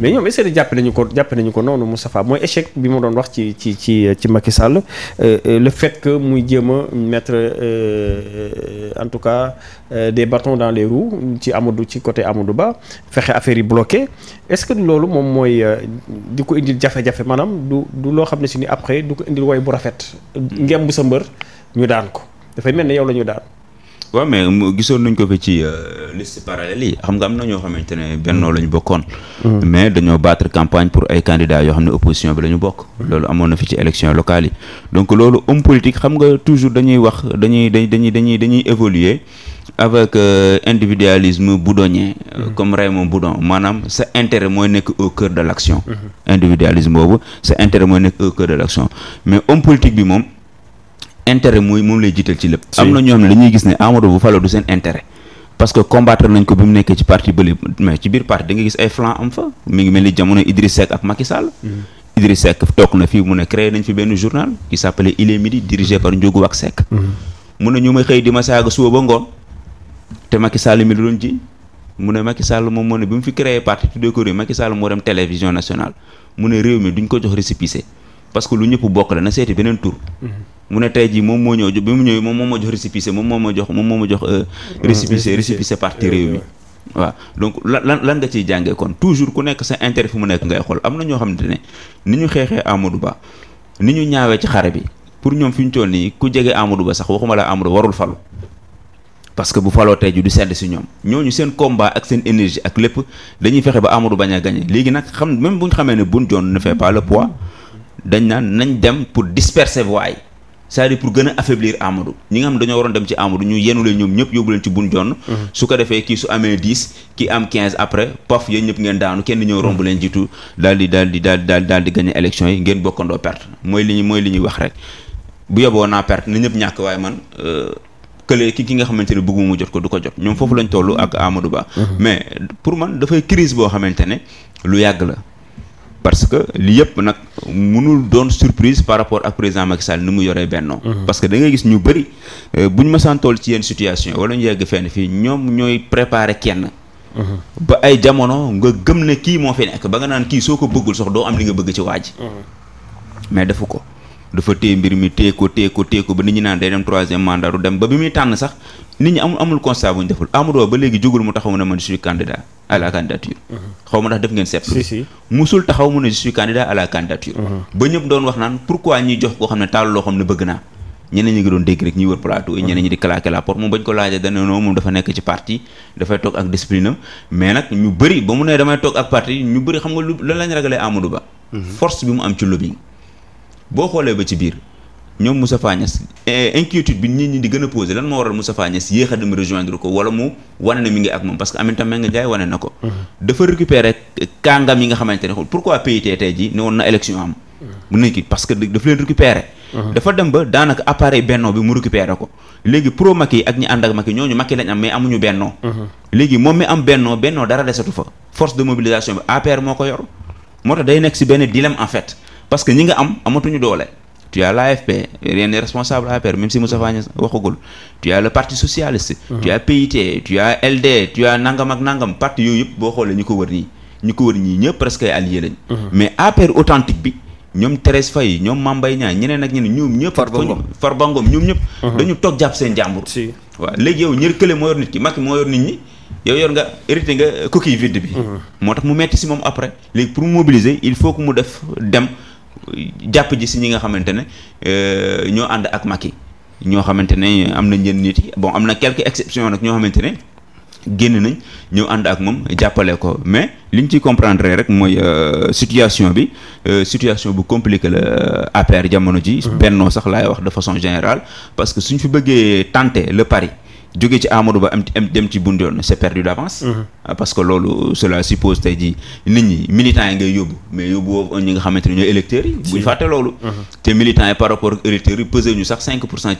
mais ñoom est-ce que jàpp nañu ko jàpp nañu ko noonu Moustapha mooy échec bi ma doon wax ci ci ci ci Macky Sall euh, euh, le fait que muy jéem a mettre euh, en tout cas euh, des bâtons dans les roues ci du ci côté Amadou Ba fexe affaire yi bloqué est-ce que loolu moom mooy euh, di ko indil jafe-jafe maanaam du du loo xam ne si ni après du ko indil woy bu rafet. ngem bu sa mbër ñu daan ko dafay mel ne yow la ñu daan. waaw mais gisoon nañ ko fi ci euh, liste parallèle yi xam nga am na ñoo xamante ne bennoo la ñu bokkoon. Hmm. mais dañoo battre campagne pour ay candidats yoo xam ne opposition bi la bokk. loolu amoon na fi ci élection locale yi donc loolu homme politique xam nga toujours dañuy wax dañuy dañuy dañuy dañuy évoluer avec euh, individualisme boudonnier euh, hmm. moom bu Boudon maanaam sa intérêt mooy nekk au cœur de laction hmm. action. boobu sa intérêt mooy nekk au cœur de l' intérêt muy moom lay jiital ci lépp. am na ñoom li ñuy gis ne Amadou bu faloo du seen intérêt. parce que combattre nañ ko bi mu nekkee ci parti bële mais ci biir parti da gis ay flanc am fa mi ngi mel ni jamono Idriss Seck ak Macky Sall. Mm-hmm. Idriss toog na fii mu ne créé nañ fi benn journal qui s' appelait Il est midi dirigé par Ndiogou Wack Seck. Mm-hmm. mu ne ñu may xëy di ma saaga suba ba ngoon te Macky Sall mi doon ji mu ne Macky Sall moom moo ne bi mu fi créé parti tuddee ko réew Macky Sall moo dem télévision mi duñ ko jox récépissé. parce que lu ñëpp bokk la na seeti beneen tur mhm. mu ne tey jii moom moo ñëw bi mu moom moo ma jox récépissé moom moo ma jox moom moo ma jox euh, mhm. récépissé récépissé parti réew mi waaw donc lan lan nga ciy jàngee kon toujours ku nekk sa intérêt fu mu nekk ngay xool am na ñoo xamante ne ni ñu xeexee Amadou Ba ni ñu ñaawee ci xare bi pour ñoom fi ñu toll nii ku jege Amadou sax waxuma la Amadou warul falu parce que bu faloo tey ji du sedd si ñoom ñooñu seen combat ak seen énergie ak lépp dañuy fexe ba Amadou bañ a gagné léegi nag xam même bu ñu xamee ne Boun Dionne ne fait pas le poids dañ naan nañ dem pour disperser voix yi cest pour gën a affaiblir Amadou ñi nga xam dañoo waroon dem ci Amadou ñu yenu leen ñoom ñëpp yóbbu leen ci bun jonn mm-hmm. su ko defee kii su amee 10 kii am 15 après pof yéen ñëpp ngeen daanu kenn ñëw romb mm-hmm. leen jiitu daal di daal di daal daal daal di gagné élection yi ngeen bokkandoo perte mooy li ñu mooy li ñu wax rek bu yoboo naa perte na ñëpp ñàkk waaye man euh, kële ki ki nga xamante ne bëgguma mu jot ko du ko jot ñoom foofu lañ toll ak Amadou Ba mm-hmm. mais pour man dafay crise boo xamante ne lu yàgg la parce que li yëpp nag mënul doon surprise par rapport ak président Macky Sall ni mu yoree Benno mhm. parce que da ngay gis ñu bëri euh, buñ ma santool ci yenn situation wala ñu yegg fenn fii ñoom ñooy préparer kenn mhm. ba ay jamono nga gëm ne kii moo fi nekk ba nga naan kii soo ko bëggul sox doo am li nga bëgg ci waaj mhm. mais defu ko dafa téye mbir mi téye ko téye ko téye ko ba nit ñi naan day dem troisième mandat du dem ba bi muy tànn sax nit ñi amul amul constat bu ñu deful Ba léegi jógul mu taxaw ne man je suis à la candidature. Mhm. xaw ma ndax def ngeen seetlu. si si musul taxaw mu ne je suis candidat à la candidature. Mhm. ba ñëpp doon wax naan pourquoi ñuy jox koo xam ne taal loo xam ne bëgg naa. ñeneen ñi ngi doon dégg rek ñuy wër plateau. Mhm. ñeneen ñi di claquer la porte moom bañ ko laajee dañ ne non moom dafa nekk ci parti dafay toog ak discipline mais nag ñu bëri ba mu nee damay toog ak parti ñu bëri xam nga lu lan lañ ragalee Amadou Ba. force bi mu am ci lobbying boo xoolee ba ci biir ñoom Moustapha Niasse eh, inquiétude bi nit ñi di gën a posé lan moo waral Moustapha Niasse yéex a dem rejoindre ko wala mu wane na mi ngi ak moom parce que Aminata Mbengue Ndiaye wane na ko. Mm-hmm. dafa récupérer kàngam yi nga xamante ne xool pourquoi PIT tey jii ne woon na élection am. mu mm-hmm. parce que daf leen récupérer. Mm-hmm. dafa dem ba daanaka appareil bennoo bi mu récupérer ko léegi pro Macky ak ñi ànd ak Macky ñooñu Macky lañ am mais amuñu bennoo. léegi moom mi am bennoo bennoo dara desatu fa force de mobilisation bi APR moo ko yor moo tax day nekk si benn dilemme en fait parce que ñi nga am amatuñu doole tu a l'AFP rien n'est responsable APR même si Moussa Fane waxagul tu as le parti socialiste. tu as PIT tu as LD tu nangam ak nangam parti yooyu yëpp boo xoolee ñu ko wër nii ñëpp presque allié lañ. mais APR authentique bi. ñoom Thérèse Faye ñoom Mame Mbaye ñeneen ak ñeneen ñoom ñëpp. Farba Ngom ñoom ñëpp. dañu toog jàpp seen jàmbur. si léegi yow ñër kële moo yor nit ki Macky moo yor nit ñi yow yor nga hérité nga coquille vide bi. moo tax mu metti jàpp ji si ñi nga xamante ne euh, ñoo ànd ak Macky ñoo xamante ne am na ñenn nit yi bon am na quelque exceptions nag ñoo xamante ne génn nañ ñëw ànd ak moom jàppale ko mais li ñu ciy comprendre rek mooy euh, situation bi euh, situation bu compliquée la APR jamono ji mmh. bennoo sax laay wax de façon général parce que suñ fi bëggee tante le pari jóge ci Amadou Ba am dem ci Bundoon c'est perdu d'avance. Mhm. Euh, parce que loolu cela suppose tey jii nit ñi militants yi ngay yóbbu mais yóbbu woo ñi nga xamante ne ñooy yi. buñ fàtte loolu. Mhm. te militants yi par rapport ak électeurs ñu sax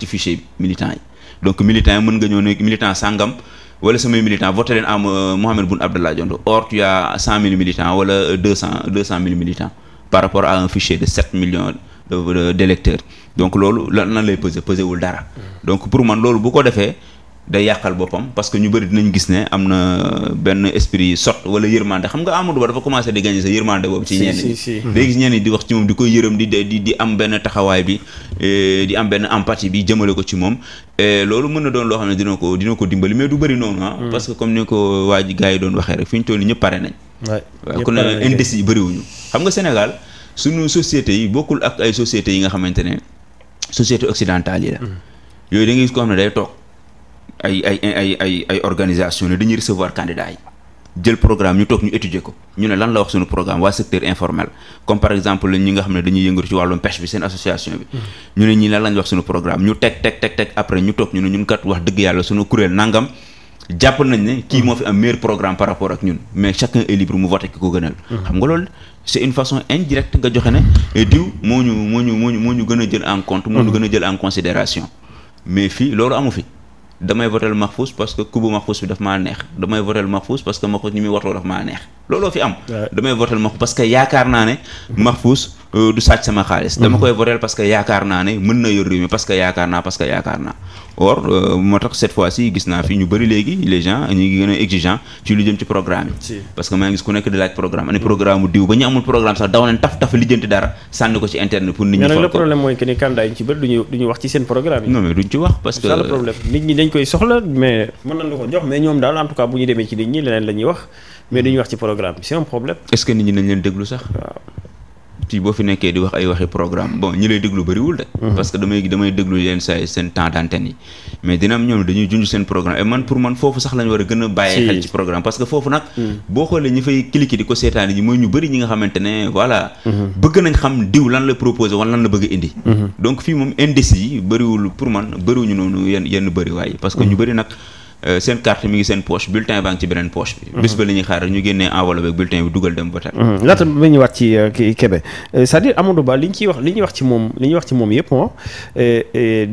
ci fichier militants yi donc militants yi mën nga ñëw ne militant sàngam. wala samay militants voté leen am euh, Mohamed Boun Abdallah Dionne or tu as wala deux par rapport à un fichier de sept millions d'électeurs donc loolu lan lan day yàqal boppam parce que ñu bëri dinañ gis ne am na benn esprit sot wala yërmande xam nga Amadou Ba dafa commencé di gagné sa yërmande boobu ci hmm. ñenn ñi day di wax ci moom di koy yërëm di am benn taxawaay bi eh, di am benn empathie bi jëmale ko ci moom eh, loolu mën na doon loo xam ne dina ko dina ko dimbali du bëri ah. hmm. parce que comme ni ko waa ji yi doon waxee rek fi ñu toll nii ñëpp pare nañ waaw kon indice yi bëriwuñu xam nga Sénégal suñu société yi bokkul ak ay sociétés yi nga xamante ne société occidentale hmm. yooyu gis ko xam ne day toog ay ay ay ay ay organisation ne dañuy recevoir candidats yi jël programme ñu toog ñu étudier ko ñu ne lan la wax suñu programme waa secteur informel comme par exemple ñi nga xam ne dañuy yëngatu ci wàllum pêche bi seen association bi hmm. ñu ne ñii lan lañ wax suñu programme ñu teg teg teg après ñu toog ñu ne ñun kat wax dëgg yàlla suñu kuréel nangam jàpp nañ ne kii moo fi am meilleur programme par rapport ak ñun mais chacun est libre mu voté ki ko gënal hmm. xam nga loolu c'est une façon eh, moo ñu moo ñu moo ñu moo ñu gën a jël en moo hmm. gën a jël en considération mais fii loolu amu fi damay votel Mahfous parce que kubu Mahfous bi daf maa neex damay votel Mahfous parce que Mahfous ñu muy wartoo daf maa neex looloo fi am damay votel Mahfous parce que yaakaar naa ne Mahfous Euh, du sàcc sama xaalis. dama mhm. koy voter parce que yaakaar naa ne mën na yor réew mi parce yaakaar naa parce yaakaar naa or euh, moo tax cette fois ci gis naa fi ñu bëri léegi les ñu ngi gën a exigeant ci lu jëm ci programme yi. parce ngi gis ku nekk di laaj programme ani programme mu ñu wax ci nit ñi dañ koy soxla mais. mën nañ la ko jox mais ñoom daal en bu ñu demee ci nit ñi leneen la wax mais duñu wax ci programme bi c'est un problème. est-ce que nit ñi nañ leen ti boo fi nekkee di wax ay waxi programme bon ñi lay déglu bëriwul de. Mhm. parce que damay damay déglu yenn saa seen temps d'antenne yi. mais dina ñoom dañuy junj seen programme et man pour man foofu sax lañ war a gën a bàyyi xel ci programme parce que foofu nag. Mm. boo xoolee ñi fay cliquer di ko seetaan yi mooy ñu bëri ñi nga xamante ne voilà. Mhm. bëgg nañ xam diw lan la proposé wala lan la bëgg indi. Mhm. donc fii moom indice yi bëriwul pour man bëriwuñu Euh, seen carte mi ngi seen poche bulletin baa ngi ci beneen poche bis ba la ñuy xaar ñu génnee enveloppe ak bulletin bi dugal dem ba tey. Mhm. Mhm. laata ba ñuy wax ci euh, Kébé euh, c'est-à-dire Amadou Ba li ñu ciy wax li ñuy wax ci moom li ñuy wax ci moom yëpp moom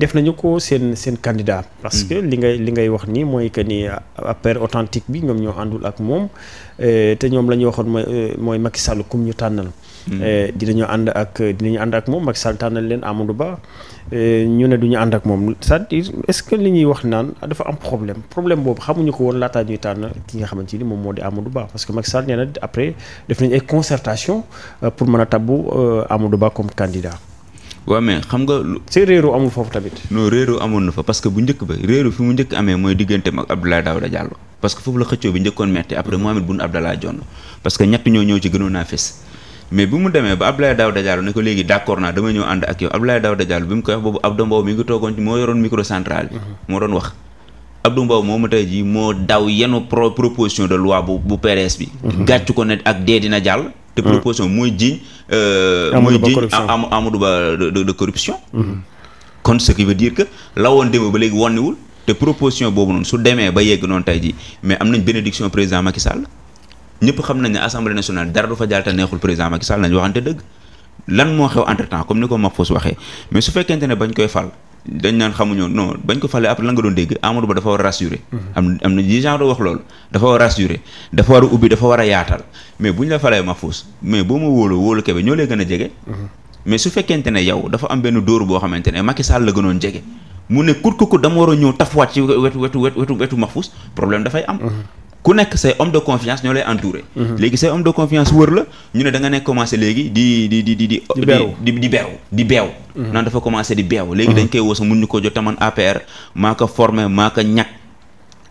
def nañu ko seen seen candidat. parce mhm. que li ngay li ngay wax nii mooy que ni affaire authentique bi ñoom ñoo àndul ak moom. Eh, te ñoom la ñu waxoon mooy eh, mooy Macky Sall kum ñu tànnal. Hmm. Eh, dinañu ànd ak dinañu ànd ak moom Macky Sall tànnal leen Amadou Ba ñu ne duñu ànd ak moom c'est-à-dire est-ce que li ñuy wax naan dafa am problème problème boobu xamuñu ko woon laataa ñuy tànn ki nga xamante ni moom moo di Amadou Ba parce que Macky Sall nee na après def nañu ay concertation euh, pour mën a tabbu euh, Amadou Ba comme candidat. waaw mais xam nga. si réeru amul foofu tamit. non réeru amoon na fa parce que bu njëkk ba réeru fi mu njëkk amee mooy digganteem ak Abdoulaye Daouda Diallo parce que foofu la xëccoo bi njëkkoon metti après Mohamed Boun Abdallah Dionne parce que ñett ñoo ñëw ci gënoon naa fës mais bi mu demee ba Abdoulaye Daouda Diallo ne ko léegi d'accord naa dama ñëw ànd ak yow Abdoulaye Daouda Diallo bi mu koy wax boobu Abdou Mbow ngi toogoon ci moo yoroon microcentral yi mhm. moo doon wax Abdou Mbow moomu tey jii moo daw yenu proposition de loi bu bu bi mhm. gàccu ko ne ak dee dina jàll te mhm. proposition mooy jiiñ Euh, mooy jiñ Amadou Ba de corruption mm-hmm. kon ce qui veut dire que la woon démb ba léegi wonniwul te proposition boobu noonu su demee ba yegg noonu tey ji mais am nañ bénédiction président Macky Sall ñëpp xam nañ ne assemblée nationale dara du fa jaal te neexul président Macky Sall nañ waxante dëgg lan moo xew entre temps comme ni ko Mahfouz waxee mais su fekkente ne bañ koy fal dañ naan xamuñu no bañ ko falee après lan nga doon dégg Amadou Ba dafa war a rassurer. Mhm. am am na des gens wax loolu dafa war a rassurer dafa war a ubbi dafa war a yaatal mais bu ñu la falee Mahfouz mais boo ma wóoloo wóolu Kébé ñoo lee gën a jege. Mhm. mais su fekkente ne yow dafa am benn dóor boo xamante ne Macky Sall la gënoon jege mu ne kut ko kut dama war a ñëw tafuwaat ci wetu wetu wetu wetu Mahfouz problème dafay am. Mhm. ku nekk say homme de confiance ñoo lay entouré. Mhm. léegi say homme de confiance wër la ñu ne danga nga nekk commencé léegi di di di di di. di beew di di beew di beew. Mhm. dafa commencé di beew. léegi mhm. dañ koy woo sa mun ñu ko jot taman APR maa ko formé maa ko ñàkk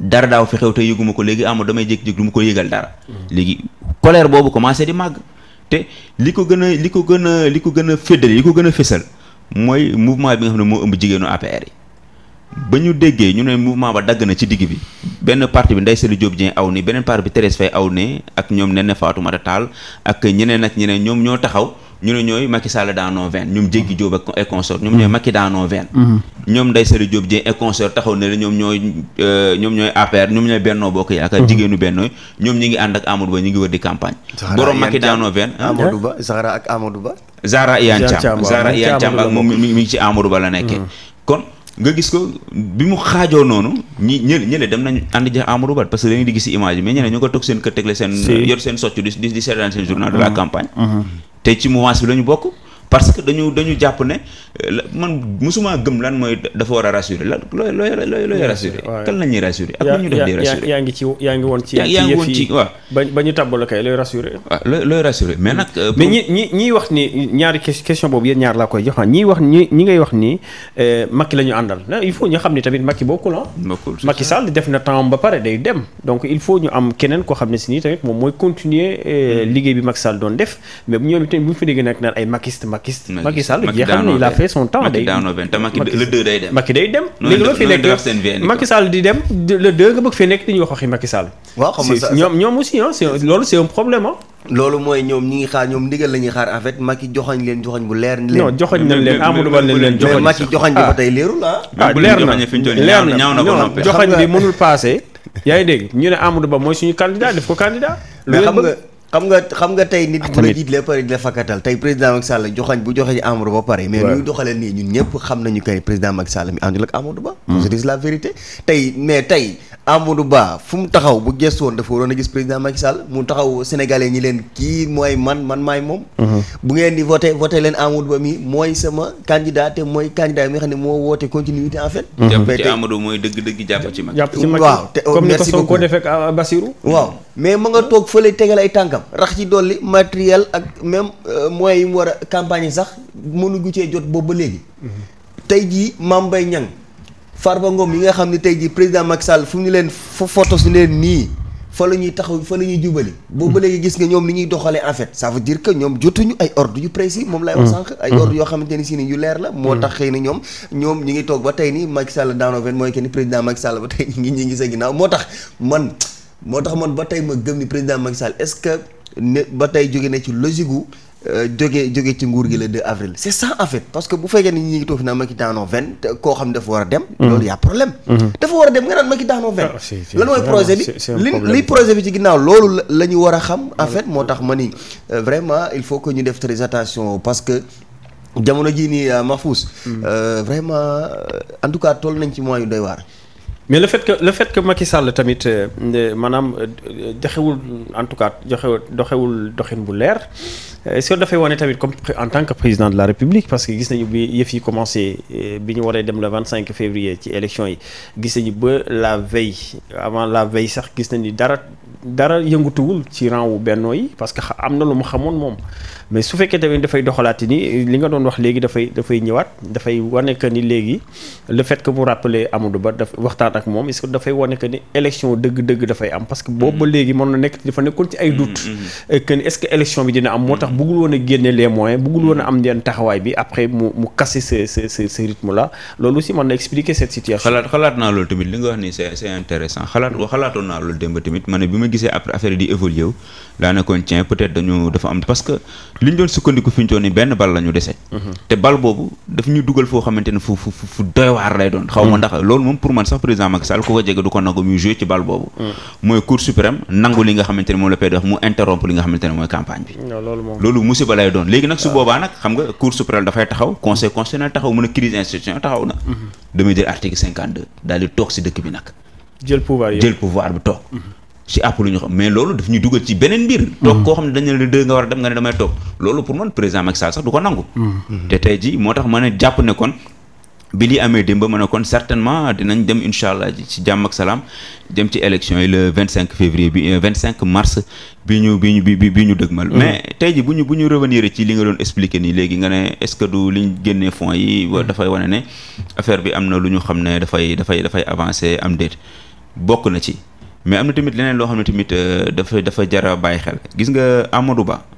dara daaw fi te yëguma ko léegi amul damay jékki-jékki du ma ko yëgal dara. léegi colère boobu commencé di màgg te li ko gën a li ko gën li ko gën a féddali li ko gën a fésal mooy mouvement bi nga xam ne moo ëmb jigéenu APR yi. ba ñu déggee ñu ne mouvement ba dagg na ci digg bi benn parti bi Ndeye Saly Diop Dieng aw ni beneen parti bi Thérèse Faye aw ne ak ñoom Néné Fatoumata Tall ak ñeneen ak ñeneen ñoom ñoo taxaw ñu ne ñooy Macky Sall dans nos veines ñoom jéggi Diop ak et consort ñoom ñooy mm-hmm. Macky dans nos veines mm-hmm. ñoom Ndeye Saly Diop Dieng consort taxaw ne la ñoom ñooy euh, ñoom ñooy APR ñoom ñooy Bennoo Bokk Yaakaar mm-hmm. jigéenu Bennooy ñoom ñi ngi ànd ak Amadou Ba ñu ngi wër di campagne borom Macky dans nos veines Amadou Ba Zahra ak amadu Ba Zahra Iyane Thiam Zahra Iyane Thiam ak moom mi ngi ci Amadou Ba la nekkee kon nga gis ko bi mu xaajoo noonu ñi ñële ñële dem nañ ànd ja Amadou Ba parce que da ngeen di gis image mais ñeneen ñu ko toog seen kër tegle seen yor seen socc di di seen journal de la ah. campagne ah. te ci mouvance bi la bokk parce que dañu dañu jàpp ne euh, man mosuma gëm lan mooy dafa war a rassurer lan looy looy rassurer. waaw kan la ñuy rassurer ak lu ñu def. di rassurer yaa ngi ci yaa ngi woon ci. yaa ngi woon ci waaw. ba ba ñu tàmbali kay looy rassurer. waaw looy euh, wax ni ñaari question boobu yéen ñaar laa koy jox ah, ñi wax ñi ñi ngay wax ni euh, Macky la ñu àndal il faut ñu xam ni tamit makki bokkul ah. bokkul Macky Sall def na temps ba pare day dem donc il faut ñu am keneen koo xam ne si nii tamit moom mooy continuer mm. liggéey bi Macky Sall doon def mais bu ñoom itam bu ñu Macky Macky Sall jeexal na il a fait son temps day le 2 day dem Macky day dem léegi loo fi nekk Macky Sall di dem le 2 nga bëgg fee nekk di ñu wax waxi Macky Sall waaw xam ñoom ah, loolu c'est un problème ah. loolu mooy ñoom ñi xaar ñoom ndigal la xaar en fait Macky joxoñ leen joxoñ bu leer leen leen Amadou Ba leen leen bi ah. mënul passé yaa dégg ñu ne Amadou Ba mooy suñu candidat def ko candidat mais xam nga xam nga xam nga tey nit ah, bu la jiitlee pare di la fakkatal tey président Macky Sall joxañ bu joxe Amadou ba pare mais ñuy doxalee nii ñun ñëpp xam nañu que président Macky Sall mi àndul ak Amadou Ba hmm. je dis la vérité tey mais tey Amadou Ba fu mu taxaw bu gëstu woon dafa waroon a gis président Macky Sall mu taxaw sénégalais ñi leen kii mooy man man maay moom. Mhm. bu ngeen di voté voté leen Amadou Ba mi mooy sama candidat te mooy candidat bi nga xam ne moo woote continuité en fait. Mhm. jàpp ci Amadou mooy dëgg-dëgg jàpp ci Macky. jàpp ci euh, waaw mais ma nga toog fële tegal ay tànkam rax ci dolli matériel ak même euh, moyens yi mu war a campagne sax mënuñu cee jot boobu ba léegi. Mhm. tey jii Mame Mbaye Farba Ngom yi nga xam ne tey ji président Macky Sall fu ñu leen fa photo su leen nii fa la ñuy taxaw fa la ñuy jubali. boobu ba léegi gis nga ñoom ni ñuy doxalee en fait. ça veut dire que ñoom jotuñu ay ordre yu précis. moom lay wax mm. sànq ay mm. ordre si ni yu leer la. moo mm. tax xëy na ñoom ñoom ñu ngi toog tey nii Macky Sall daanoo fen mooy que ni président Macky Sall ba man moo tax man ba tey ma gëm ni président Macky Sall est-ce que ne ba tey jóge na ci logique Euh, jóge jóge ci nguur gi la 2 avril c'est ça en parce que bu fekkee ni ñi ngi toog fi naan daanoo vingt koo xam dafa war a dem mhm. loolu y'a problème mhm. dafa war a dem nga naan Macky daanoo vingt ah, lan mooy projet bi li projet bi ci ginnaaw loolu la ñu war a xam en moo tax ma ni euh, vraiment il faut que ñu def très parce que jamono jii nii euh, Mahfouz mhm. vraiment en tout cas toll nañ ci mois yu doy waar mais la fait que le fait que Macky Sall tamit maanaam joxewul en tout cas joxewul doxewul doxin bu leer est-ce que dafay wane tamit comme en tant que président de la république parce que gis nañu bi yëf yi eh, bi ñu waree dem le 25 février ci élection yi gis nañu ba la veille avant la veille sax gis nañu dara dara yëngatuwul ci rang wu bennoo yi parce que am na lu mu xamoon moom mais su fekkee dafay doxalaati ni li nga doon wax léegi dafay dafay ñëwaat dafay wane que ni léegi le fait que mu rappeler Amadou Ba daf moom est-ce que dafay wane que ni élection dëgg-dëgg dafay am parce que boobu ba mm-hmm. léegi mën na nekk dafa nekkoon ci ay doute mm-hmm. euh, que ni est-ce que élection bi dina am moo tax ndax buggul woon a génne les moyens buggul woon a am yenn taxawaay bi après mu mu casser ce ce loolu aussi mën na expliquer cette situation. xalaat xalaat naa loolu tamit li tamit ma bi ma gisee affaire di évoluer wu daanaka tiens peut-être dañu dafa am parce que li ñu doon sukkandiku fi ñu benn bal la dese. Mhm. te bal boobu daf ñuy dugal foo xamante ne fu fu fu doy waar lay doon. xaw ma mhm. ndax loolu moom pour man sax président Macky Sall ku ko jege du loolu musiba lay doon léegi nag su ah. boobaa nag xam nga cour suprême dafay taxaw conseil constitutionnel taxaw mën a crise institution taxaw na mhm. damay jël article cinquante deux daal di toog si dëkk bi nag jël pouvoir jël pouvoir bi toog si mhm. àpp lu ñu xam mais loolu daf ñu dugal ci beneen mbir mhm. toog koo xam ne dañ la dë nga war a dem nga ne damay toog loolu pour man président Macky Sall sax du ko nangu te tey ji moo tax ma ne jàpp ne kon bi li amee démb ma ne kon certainement dinañ dem incha allah ci jàmm ak salaam dem ci élection yi le vingt cinq février bi euh, vingt cinq mars bi ñu bi ñu bi bi ñu dëgmal. Mm. mais tey ji bu ñu bu ñu revenir ci li nga doon expliquer nii léegi nga ne est-ce que du liñ génnee fonds yi mm. dafay wane ne affaire bi am na lu ñu xam ne dafay dafay dafay avancer am déet bokk na ci mais am na tamit leneen loo xam ne tamit euh, dafa dafa jara bàyyi xel gis nga Amadou Ba.